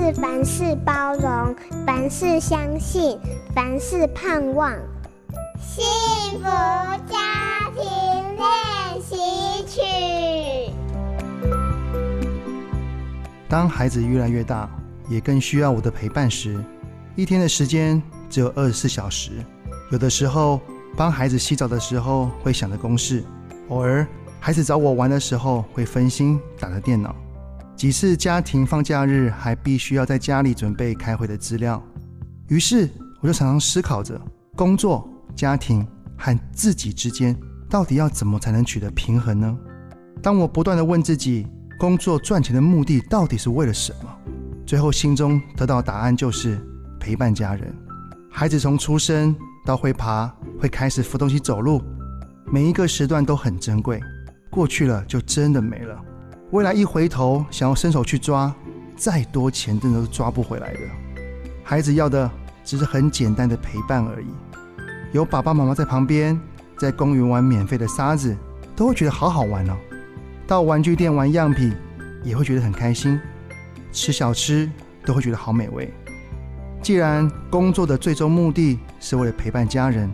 是凡事包容，凡事相信，凡事盼望。幸福家庭練習曲。當孩子越來越大，也更需要我的陪伴時，一天的時間只有二十四小時。有的時候幫孩子洗澡的時候會想着公事，偶爾孩子找我玩的時候會分心打着電腦。幾次家庭放假日，還必須要在家裡準備開會的資料。於是，我就常常思考着，工作、家庭和自己之間，到底要怎麼才能取得平衡呢？當我不斷地問自己，工作賺錢的目的到底是為了什麼？最後，心中得到的答案就是陪伴家人。孩子從出生到會爬，會開始扶東西走路，每一個時段都很珍貴，過去了就真的沒了。未來一回頭，想要伸手去抓，再多錢真的都是抓不回來的。孩子要的只是很簡單的陪伴而已。有爸爸媽媽在旁邊，在公園玩免費的沙子，都會覺得好好玩哦。到玩具店玩樣品，也會覺得很開心。吃小吃都會覺得好美味。既然工作的最終目的是為了陪伴家人，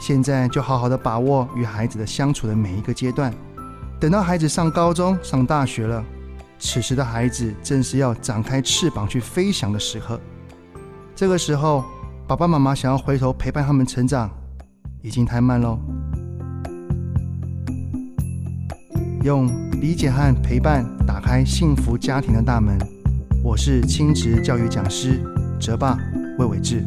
現在就好好的把握與孩子的相處的每一個階段。等到孩子上高中、上大學了，此時的孩子正是要展開翅膀去飛翔的時刻。這個時候，爸爸媽媽想要回頭陪伴他們成長，已經太慢嘍。用理解和陪伴打開幸福家庭的大門。我是親職教育講師澤爸魏瑋志。